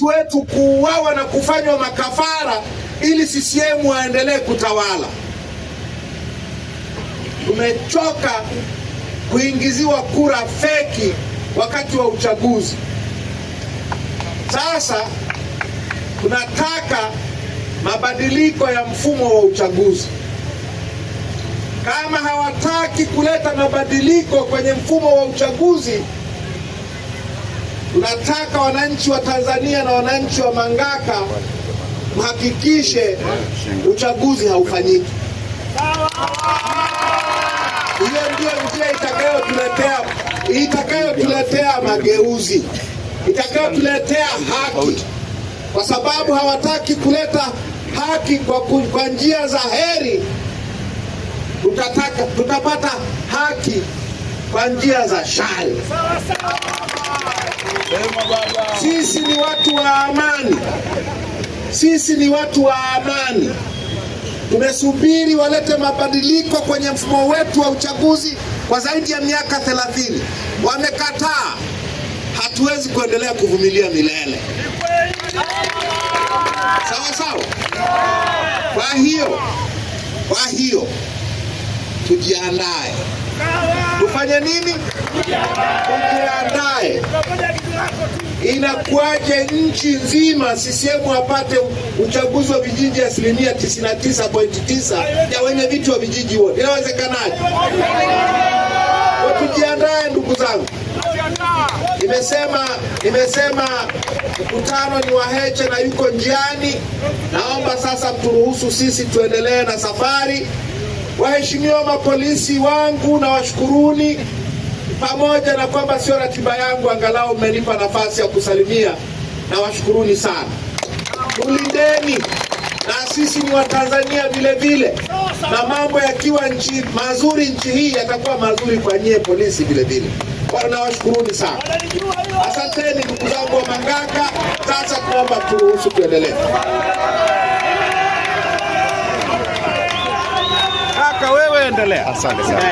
watu wetu kuuawa na kufanywa makafara ili CCM waendelee kutawala. Tumechoka kuingiziwa kura feki wakati wa uchaguzi. Sasa tunataka mabadiliko ya mfumo wa uchaguzi. Kama hawataki kuleta mabadiliko kwenye mfumo wa uchaguzi Tunataka wananchi wa Tanzania na wananchi wa Mangaka mhakikishe uchaguzi haufanyiki. Hiyo ndiyo njia itakayotuletea itakayotuletea mageuzi, itakayotuletea haki, kwa sababu hawataki kuleta haki kwa, kwa njia za heri. Tutataka tutapata haki kwa njia za shari. Sisi ni watu wa amani, sisi ni watu wa amani. Tumesubiri walete mabadiliko kwenye mfumo wetu wa uchaguzi kwa zaidi ya miaka 30. Wamekataa. Hatuwezi kuendelea kuvumilia milele, sawa sawa. Kwa hiyo, kwa hiyo tujiandae tufanye nini? Tujiandae. Inakuwaje nchi nzima CCM apate uchaguzi wa vijiji asilimia 99.9 ya wenye viti wa vijiji wote? Inawezekanaje? Tujiandae ndugu zangu. Nimesema nimesema mkutano ni wa Heche na yuko njiani. Naomba sasa mturuhusu sisi tuendelee na safari. Waheshimiwa mapolisi wangu na washukuruni, pamoja na kwamba sio ratiba yangu, angalau mmenipa nafasi ya kusalimia na washukuruni sana. Tulindeni na sisi ni Watanzania vile vile, na mambo yakiwa nchi mazuri nchi hii yatakuwa mazuri kwa nyie polisi vile vile. Nawashukuruni sana, asanteni ndugu zangu wa Mangaka. Sasa tunaomba turuhusu tuendelee. Asante sana.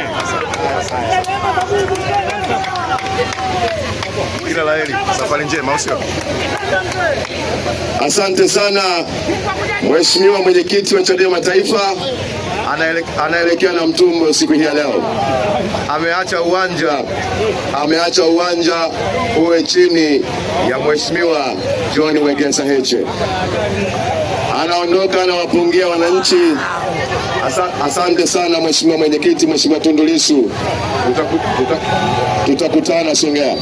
Kila la heri, safari njema, au sio? Asante sana Mheshimiwa mwenyekiti wa Chadema Taifa anaelekea na mtumbo siku hii ya leo, ameacha uwanja ameacha uwanja uwe chini ya Mheshimiwa John Wegesa Heche anaondoka, anawapungia wananchi. Asante sana mheshimiwa mwenyekiti, mheshimiwa Tundu Lissu, tutakutana Songea.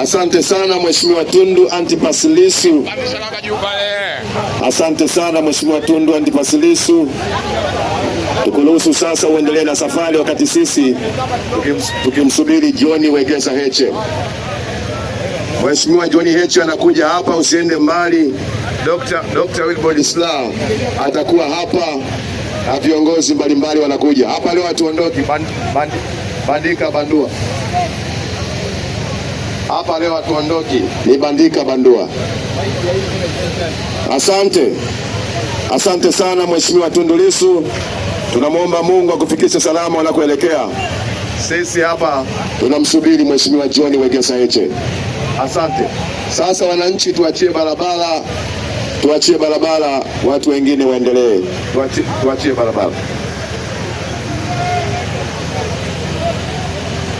Asante sana mheshimiwa Tundu Antipas Lissu, asante sana mheshimiwa Tundu Antipas Lissu. Tukuruhusu sasa uendelee na safari, wakati sisi tukimsubiri John Wegesa Heche. Mheshimiwa John Heche anakuja hapa, usiende mbali, Dr. Dr. Wilbrod Slaa atakuwa hapa na viongozi mbalimbali wanakuja hapa leo, hatuondoki bandi, bandika bandua hapa leo hatuondoki, ni bandika bandua. Asante, asante sana Mheshimiwa Tundu Lissu, tunamwomba Mungu akufikishe salama wanakuelekea Sisi hapa tunamsubiri Mheshimiwa John Wegesa Heche. Asante. Sasa wananchi, tuachie barabara, tuachie barabara, watu wengine waendelee, tuachie, barabara.